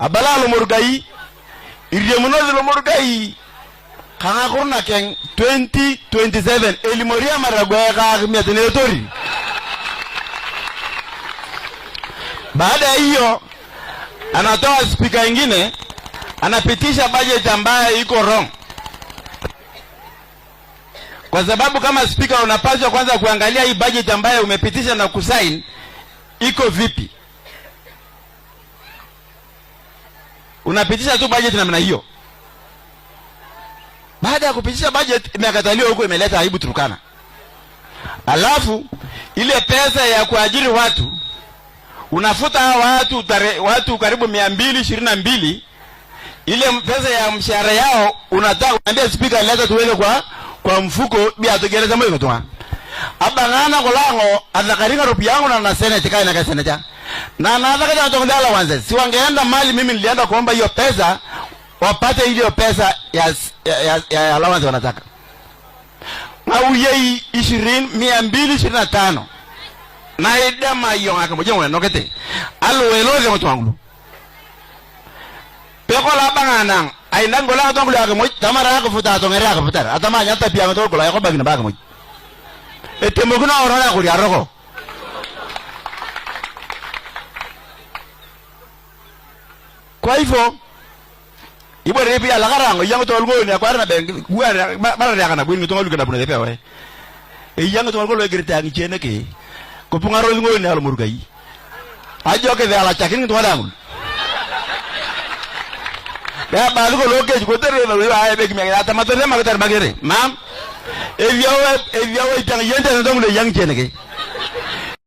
abalaalo morgayi iryemunozilo morgayi kaŋa kurna keng 2027 elimoria maragwe kaak miatineetori baada ya hiyo anatoa spika ingine anapitisha bajeti ambayo iko wrong kwa sababu kama speaker unapaswa kwanza kuangalia hii budget ambayo umepitisha na kusign iko vipi unapitisha tu budget namna hiyo. Baada ya kupitisha budget imekataliwa huko, imeleta aibu Turkana. Alafu ile pesa ya kuajiri watu unafuta watu tare, watu karibu mia mbili ishirini na mbili ile pesa ya mshahara yao unataka unaambia spika leta tuweke kwa kwa mfuko bia tugereza mwe kwa abangana kolango atakaringa rupi yangu na na senate kai na kai senate na la wanze, si wangeenda mali, mimi nilienda kuomba hiyo pesa, wapate hiyo pesa ya, ya, ya ya allowance wanataka mauye ishirini mia mbili ishirini na tano naidama iyo ng'akamoja ng'wenokete aluweloze ng'otwangulu pekola bang'anang aindangola ng'otwangulu akimoj tamara akifuta atong'ere akifutar bagina baga kobakina bakimoj etemokino orora kuri aroko kwa hivyo ibore pia la karango yango to algo ni akwara na beng gwara bara ya kana bwin to algo na bune pewe e yango to algo lo girta ngi chene ke ko punga ro ngo ni al murgai ajo ke ala chakin to adangul ya ba ko lo ke ko tere na yo ay be ki me matere ma tere magere mam e yawe e yawe tang yende no ngule yang chene ke